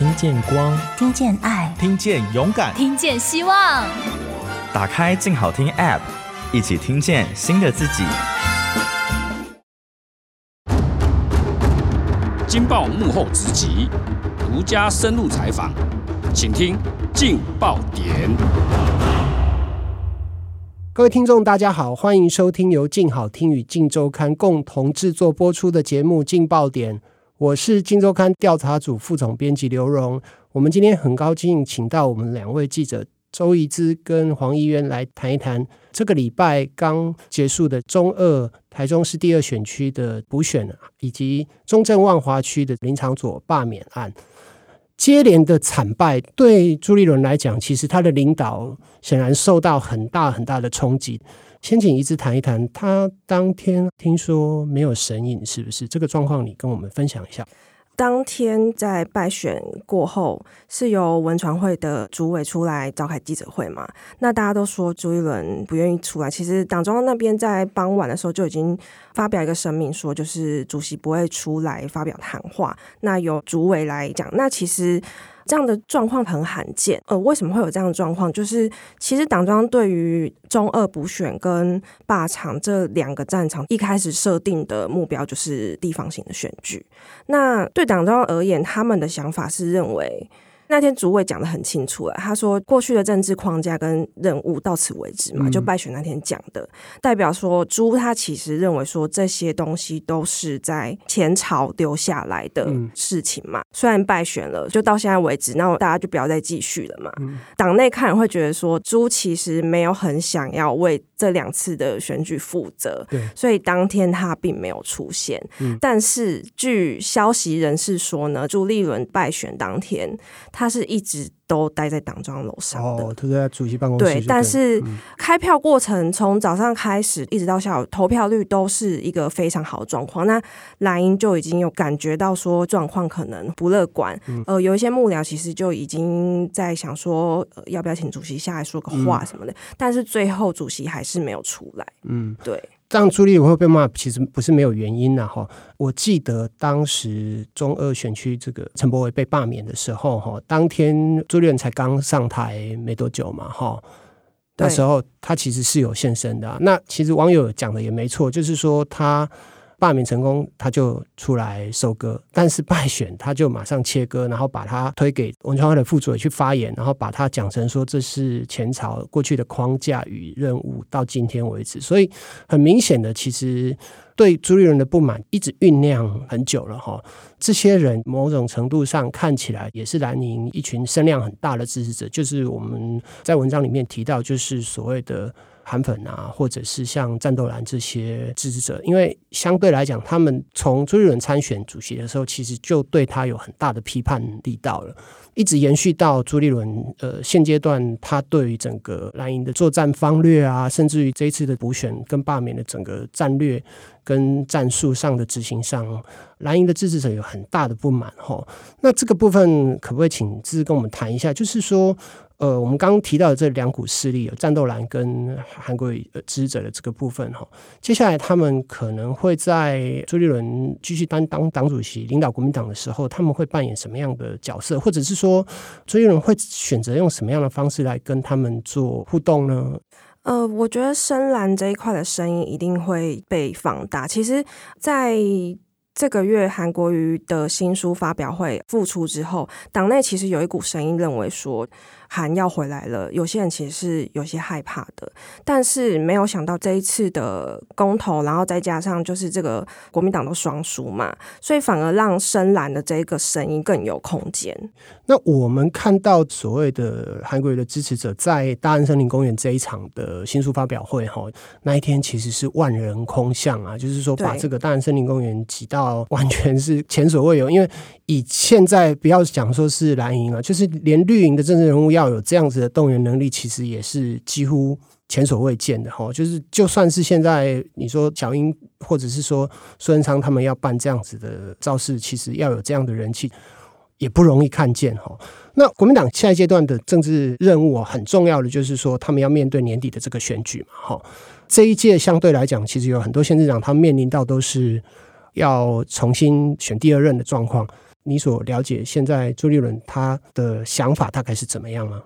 聽見光、聽見愛、聽見勇敢、聽見希望。打開鏡好聽 App，一起聽見新的自己。鏡爆幕後直擊，獨家深入採訪，請聽《鏡爆點》。各位聽眾，大家好，歡迎收聽由鏡好聽與《鏡週刊》共同制作播出的節目《鏡爆點》。我是《鏡周刊》調查組副總編輯劉榮，我們今天很高興請到我們兩位記者周一之跟黃怡淵來談一談這個禮拜剛結束的中二台中市第二選區的補選，以及中正萬華區的林昶佐罷免案。接連的慘敗，對朱立倫來講，其實他的領導顯然受到很大很大的衝擊。先請一字談一談，他當天聽說沒有神隱，是不是這個狀況？你跟我們分享一下。當天在敗選過後，是由文傳會的主委出來召開記者會嘛？那大家都說朱立倫不願意出來。其實黨中央那邊在傍晚的時候就已經發表一個聲明，說就是主席不會出來發表談話，那由主委來講。那其實。這樣的狀況很罕見，呃，為什麼會有這樣的狀況？就是其實黨中央對於中二補選跟罷昶這兩個戰場一開始設定的目標就是地方型的選舉，那對黨中央而言，他們的想法是認為。那天主委講得很清楚了、啊，他說過去的政治框架跟任務到此為止嘛，嗯、就敗選那天講的代表說，朱他其實認為說這些東西都是在前朝丟下來的事情嘛，嗯、雖然敗選了，就到現在為止，那大家就不要再繼續了嘛。嗯、黨內看人會覺得說，朱其實沒有很想要為這兩次的選舉負責，所以當天他並沒有出現、嗯。但是據消息人士說呢，朱立倫敗選當天，他是一直都待在黨莊樓上的，他、哦、在主席辦公室。對，但是開票過程從早上開始一直到下午，嗯、投票率都是一個非常好的狀況。那藍營就已經有感覺到說狀況可能不樂觀，嗯、呃，有一些幕僚其實就已經在想說、呃、要不要請主席下來說個話什麼的、嗯，但是最後主席還是沒有出來。嗯，對。這樣，朱立倫會被罵，其實不是沒有原因的哈。我記得當時中二選區這個陳柏惟被罷免的時候，哈，當天朱立倫才剛上台沒多久嘛，哈，那時候他其實是有現身的。那其實網友講的也沒錯，就是說他。罷免成功，他就出來收割，但是敗選，他就馬上切割，然後把他推給文傳會的副主委去發言，然後把他講成說這是前朝過去的框架與任務到今天為止。所以很明顯的，其實對朱立倫的不滿一直醞釀很久了哈。這些人某種程度上看起來也是藍營一群聲量很大的支持者，就是我們在文章裡面提到，就是所謂的。韓粉啊，或者是像戰鬥藍這些支持者，因為相對來講，他們從朱立倫參選主席的時候，其實就對他有很大的批判力道了，一直延續到朱立倫呃現階段，他對於整個藍營的作戰方略啊，甚至於這一次的補選跟罷免的整個戰略跟戰術上的執行上，藍營的支持者有很大的不滿哈。那這個部分可不可以請支跟我們談一下？就是說。呃，我們剛剛提到的這兩股勢力，有戰鬥藍跟韓國瑜支持、呃、者的這個部分哈，接下來他們可能會在朱立倫繼續擔當黨主席、領導國民黨的時候，他們會扮演什麼樣的角色？或者是說，朱立倫會選擇用什麼樣的方式來跟他們做互動呢？呃，我覺得深藍這一塊的聲音一定會被放大。其實，在這個月韓國瑜的新書發表會復出之後，黨內其實有一股聲音認為說。韓要回來了，有些人其實是有些害怕的，但是沒有想到這一次的公投，然後再加上就是這個國民黨都雙輸嘛，所以反而讓深藍的這個聲音更有空間。那我們看到所謂的韓國瑜的支持者在大安森林公園這一場的新書發表會哈，那一天其實是萬人空巷啊，就是說把這個大安森林公園擠到完全是前所未有，因為以現在不要講說是藍營啊，就是連綠營的政治人物要要有這樣子的動員能力，其實也是幾乎前所未見的哈。就是就算是現在，你說小英或者是說孫昌他們要辦這樣子的造勢，其實要有這樣的人氣也不容易看見哈。那國民黨下一階段的政治任務很重要的就是說，他們要面對年底的這個選舉嘛哈。這一屆相對來講，其實有很多縣市長，他們面臨到都是要重新選第二任的狀況。你所了解現在朱立倫他的想法大概是怎麼樣嗎？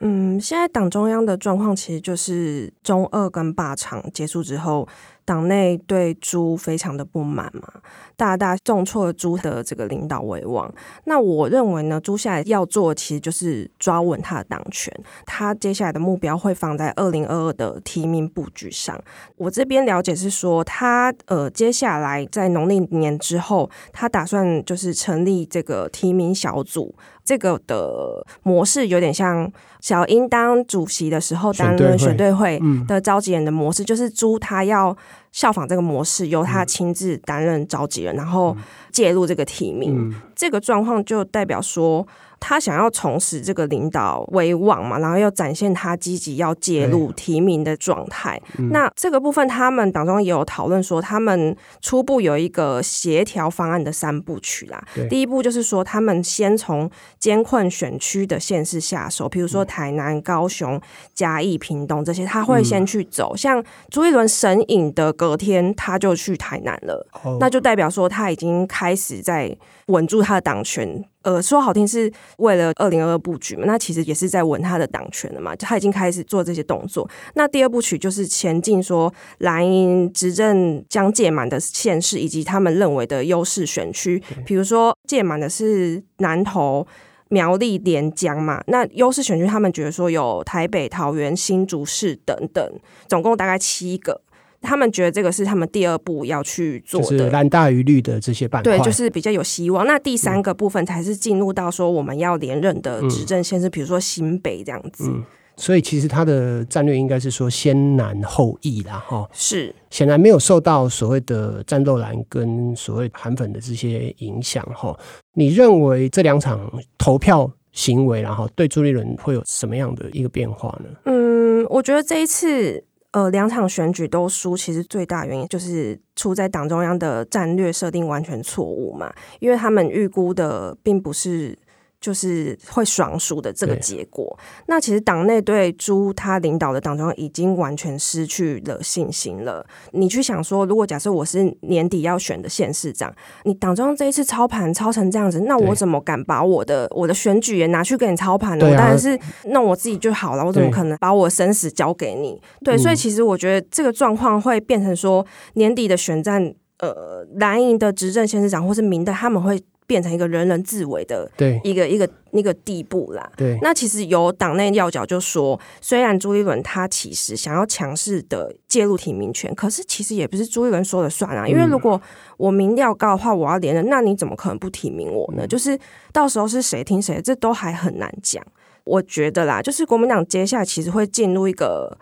嗯，現在黨中央的狀況其實就是中二跟罷昶結束之後。黨內對朱非常的不滿嘛，大大重挫了朱的這個領導威望。那我認為呢，朱下來要做，其實就是抓穩他的黨權。他接下來的目標會放在二零二二的提名布局上。我這邊了解是說，他呃，接下來在農曆年之後，他打算就是成立這個提名小組。這個的模式有點像小英當主席的時候，選對當選對會的召集人的模式，嗯、就是朱他要。效仿這個模式，由他親自擔任召集人，嗯，然後介入這個提名。嗯、這個狀況就代表說，他想要重拾這個領導威望嘛，然後要展現他積極要介入提名的狀態。哎嗯、那這個部分，他們黨中央也有討論說，他們初步有一個協調方案的三部曲啦。第一步就是說，他們先從艱困選區的縣市下手，比如說台南、高雄、嘉義、屏東這些，他會先去走。嗯、像朱立倫、神隱的隔天，他就去台南了，哦、那就代表說，他已經開始在穩住他的黨權。呃，說好聽是為了二零二二布局嘛，那其實也是在穩他的黨權的嘛，就他已經開始做這些動作。那第二部曲就是前進，說藍營執政將屆滿的縣市，以及他們認為的優勢選區，比如說屆滿的是南投、苗栗、連江嘛，那優勢選區他們覺得說有台北、桃園、新竹市等等，總共大概七個。他們覺得這個是他們第二步要去做的，就是、藍大於綠的這些板塊對，就是比較有希望。那第三個部分才是進入到說我們要連任的執政縣市、嗯、比如說新北這樣子、嗯。所以其實他的戰略應該是說先難後易啦，哈。是顯然沒有受到所謂的戰鬥藍跟所謂韓粉的這些影響，哈。你認為這兩場投票行為，然後對朱立倫會有什麼樣的一個變化呢？嗯，我覺得這一次。呃，兩場選舉都輸，其實最大原因就是出在黨中央的戰略設定完全錯誤嘛，因為他們預估的並不是。就是會雙輸的這個結果。那其實黨內對朱他領導的黨中央已經完全失去了信心了。你去想說，如果假設我是年底要選的縣市長，你黨中央這一次操盤操成這樣子，那我怎麼敢把我的我的選舉也拿去給你操盤呢？啊、我當然是那我自己就好了。我怎麼可能把我的生死交給你？對，對，所以其實我覺得這個狀況會變成說，年底的選戰，呃，藍營的執政縣市長或是民代，他們會。變成一個人人自危的一個對一個那個、個地步啦。對，那其實有黨內要角就說，雖然朱立倫他其實想要強勢的介入提名權，可是其實也不是朱立倫說了算啊。因為如果我民調高的話，我要連任，那你怎麼可能不提名我呢？嗯？就是到時候是誰聽誰，這都還很難講。我覺得啦，就是國民黨接下來其實會進入一個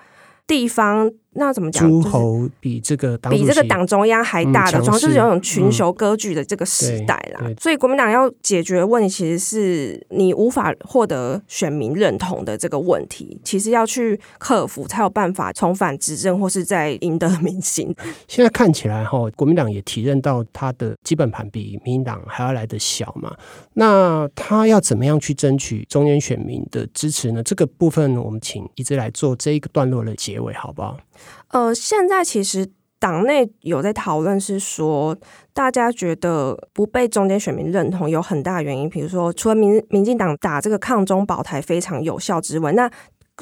地方。那怎麼講？諸侯比這個黨、就是、比這個黨中央還大的，主、嗯、要是有種群雄割據的這個時代啦、嗯。所以國民黨要解決問題，其實是你無法獲得選民認同的這個問題，其實要去克服，才有辦法重返執政或是再贏得民心。現在看起來，哈，國民黨也體認到他的基本盤比民黨還要來得小嘛。那他要怎麼樣去爭取中間選民的支持呢？這個部分，我們請一直來做這一個段落的結尾，好不好？呃，現在其實黨內有在討論，是說大家覺得不被中間選民認同，有很大原因。比如說，除了民民進黨打這個抗中保台非常有效之外，那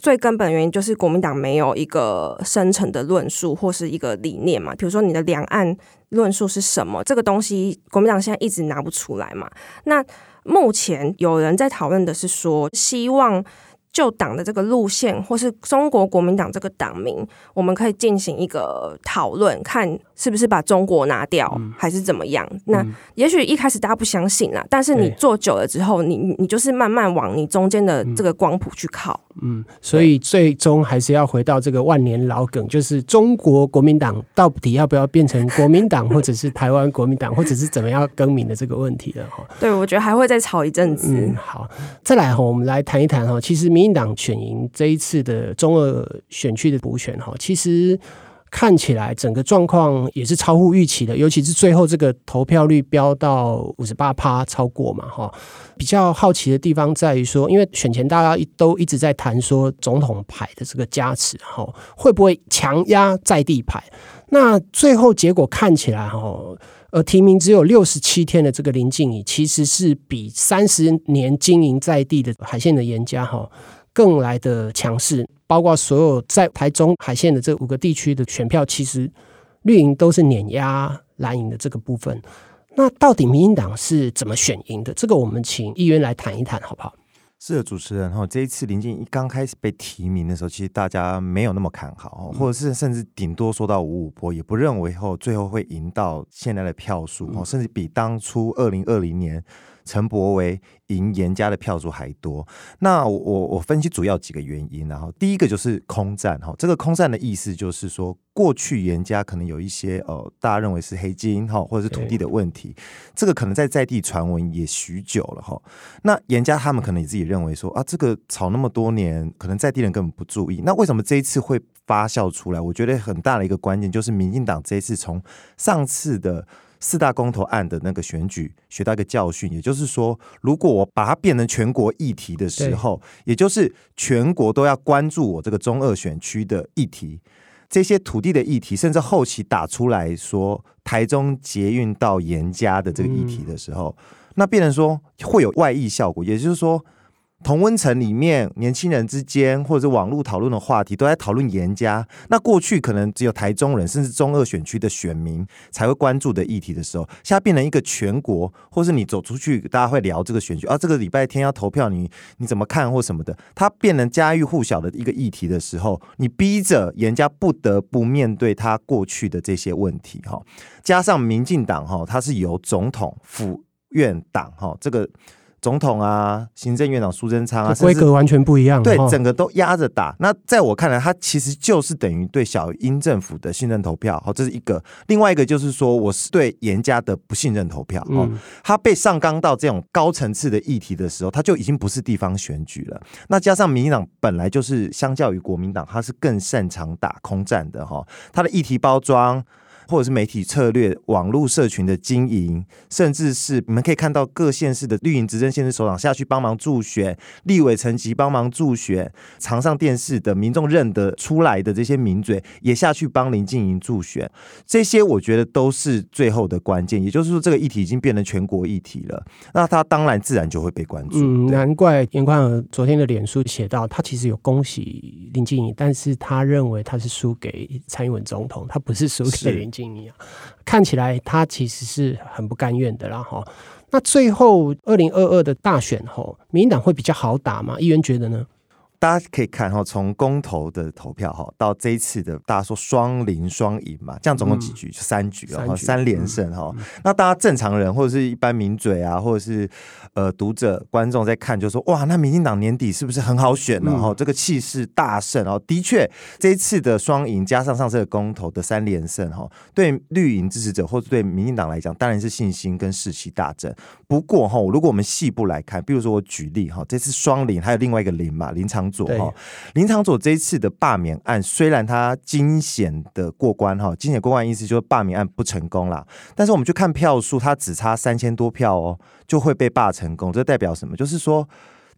最根本的原因就是國民黨沒有一個深層的論述或是一個理念嘛。比如說，你的兩岸論述是什麼？這個東西國民黨現在一直拿不出來嘛。那目前有人在討論的是說，希望。就黨的這個路線，或是中國國民黨這個黨名，我們可以進行一個討論，看是不是把中國拿掉，嗯、還是怎麼樣？那也許一開始大家不相信啦，嗯、但是你做久了之後，你你就是慢慢往你中間的這個光譜去靠嗯。嗯，所以最終還是要回到這個萬年老梗，就是中國國民黨到底要不要變成國民黨， 或者是台灣國民黨，或者是怎麼樣更名的這個問題了哈。對，我覺得還會再吵一陣子。嗯，好，再來哈，我們來談一談哈，其實明民黨選贏這一次的中二選區的補選，其實看起來整個狀況也是超乎預期的，尤其是最後這個投票率飆到五十八趴，超過嘛哈。比較好奇的地方在於說，因為選前大家都一直在談說總統派的這個加持哈，會不會強壓在地派？那最後結果看起來哈。而提名只有六十七天的這個林靜儀其實是比三十年經營在地的海線的顏家吼更來的強勢。包括所有在台中海線的這五個地區的選票，其實綠營都是碾壓藍營的這個部分。那到底民進黨是怎麼選贏的？這個我們請議員來談一談，好不好？是的，主持人，然後這一次林靜一剛開始被提名的時候，其實大家沒有那麼看好，嗯、或者是甚至頂多說到五五波，也不認為後最後會贏到現在的票數，嗯、甚至比當初二零二零年。陳柏惟贏顏家的票數還多，那我我分析主要幾個原因，啊，然後第一個就是空戰哈，這個空戰的意思就是說，過去顏家可能有一些呃，大家認為是黑金哈，或者是土地的問題，這個可能在在地傳聞也許久了哈。那顏家他們可能也自己認為說啊，這個炒那麼多年，可能在地人根本不注意，那為什麼這一次會發酵出來？我覺得很大的一個關鍵就是，民進黨這一次從上次的。四大公投案的那個選舉學到一個教訓，也就是說，如果我把它變成全國議題的時候，也就是全國都要關注我這個中二選區的議題，這些土地的議題，甚至後期打出來說台中捷運到顏家的這個議題的時候、嗯，那變成說會有外溢效果，也就是說。同溫層裡面年輕人之間，或者是網絡討論的話題，都在討論顏家。那過去可能只有台中人，甚至中二選區的選民才會關注的議題的時候，現在變成一個全國，或是你走出去，大家會聊這個選舉。啊。這個禮拜天要投票你，你你怎麼看或什麼的？它變成家喻戶曉的一個議題的時候，你逼着顏家不得不面對他過去的這些問題。哈，加上民進黨哈，它是由總統、府院黨哈這個。總統啊，行政院長蘇貞昌啊，規格完全不一樣。對，整個都壓着打，哦。那在我看來，他其實就是等於對小英政府的信任投票。好，這是一個。另外一個就是說，我是對顏家的不信任投票。哦，他、嗯、被上綱到這種高層次的議題的時候，他就已經不是地方選舉了。那加上民進黨本來就是相較於國民黨，他是更擅長打空戰的哈，他、哦、的議題包裝，或者是媒體策略，網絡社群的經營，甚至是你們可以看到各縣市的綠營執政縣市首長，下去幫忙助選，立委層級幫忙助選，常上電視的民眾認得出來的這些名嘴也下去幫林靜儀助選，這些我覺得都是最後的關鍵。也就是說，這個議題已經變成全國議題了，那他當然自然就會被關注。嗯，難怪顏寬恆昨天的臉書寫到，他其實有恭喜林靜儀，但是他認為他是輸給蔡英文總統，他不是輸給經歷啊，看起來他其實是很不甘願的啦，然後那最後二零二二的大選後，民進黨會比較好打嗎？議員覺得呢？大家可以看哈，從公投的投票哈，到這一次的大家說雙林雙贏嘛，這樣總共幾局？嗯、三局啊，三連勝哈、嗯嗯。那大家正常人或者是一般名嘴啊，或者是呃讀者觀眾在看就，就說哇，那民進黨年底是不是很好選呢？啊？哈、嗯，這個氣勢大勝哦。的確，這一次的雙贏加上上次的公投的三連勝哈，對綠營支持者或者對民進黨來講，當然是信心跟士氣大振。不過哈，如果我們細部來看，比如說我舉例哈，這次雙林還有另外一個林嘛，林常。左林長佐這一次的罷免案雖然他驚險的過關哈，驚險過關意思就是罷免案不成功啦。但是我們去看票數，他只差三千多票哦，喔，就會被罷成功。這代表什麼？就是說。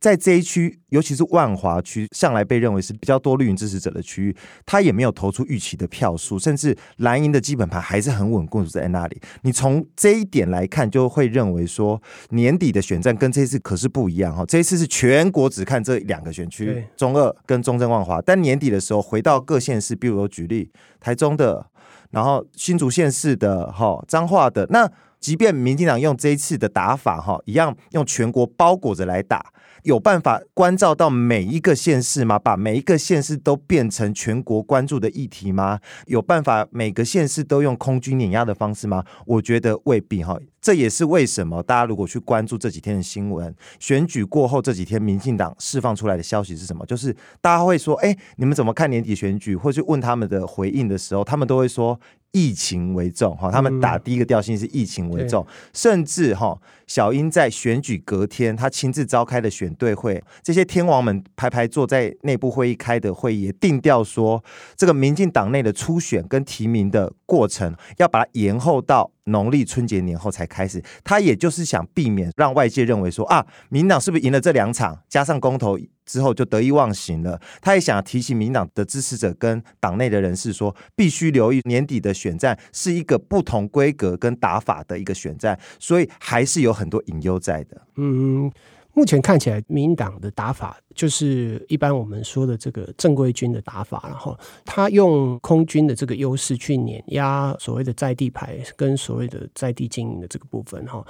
在這一區，尤其是萬華區，向來被認為是比較多綠營支持者的區域，他也沒有投出預期的票數，甚至藍營的基本盤還是很穩固是在那裡。你從這一點來看，就會認為說，年底的選戰跟這一次可是不一樣哈。這一次是全國只看這兩個選區，中二跟中正萬華，但年底的時候回到各縣市，比如說舉例台中的，然後新竹縣市的吼，彰化的那。即便民進黨用這一次的打法哈，一樣用全國包裹着來打，有辦法關照到每一個縣市嗎？把每一個縣市都變成全國關注的議題嗎？有辦法每個縣市都用空軍碾壓的方式嗎？我覺得未必哈。這也是為什麼大家如果去關注這幾天的新聞，選舉過後這幾天，民進黨釋放出來的消息是什麼？就是大家會說，欸，你們怎麼看年底選舉？或去問他們的回應的時候，他們都會說，疫情為重哈，他們打第一個調性是疫情為重，嗯、甚至哈小英在選舉隔天，他親自召開的選對會，這些天王們排排坐在內部會議開的會議，也定調說這個民進黨內的初選跟提名的。過程要把它延後到農曆春節年後才開始，他也就是想避免讓外界認為說啊，民進黨是不是贏了這兩場，加上公投之後就得意忘形了。他也想提醒民進黨的支持者跟黨內的人士說，必須留意年底的選戰是一個不同規格跟打法的一個選戰，所以還是有很多隱憂在的。嗯。目前看起來，民進黨的打法就是一般我們說的這個正規軍的打法，然後他用空軍的這個優勢去碾壓所謂的在地牌跟所謂的在地經營的這個部分，哈，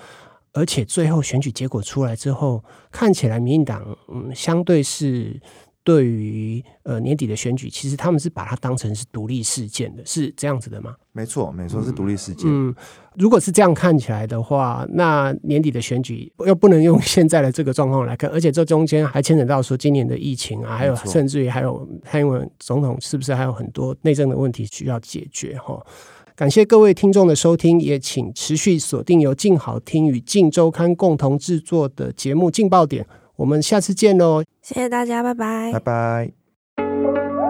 而且最後選舉結果出來之後，看起來民進黨嗯，相對是。對於呃年底的選舉，其實他們是把它當成是獨立事件的，是這樣子的嗎？沒錯，沒錯，嗯，是獨立事件。嗯，如果是這樣看起來的話，那年底的選舉又不能用現在的這個狀況來看，而且這中間還牽扯到說今年的疫情啊，還有甚至於還有蔡英文總統是不是還有很多內政的問題需要解決？哈、哦，感謝各位聽眾的收聽，也請持續鎖定由鏡好聽與鏡週刊共同製作的節目《鏡爆點》。我們下次見哦，謝謝大家，拜拜，拜拜。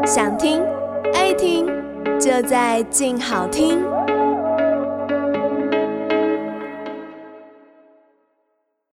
想聽愛聽，就在鏡好聽。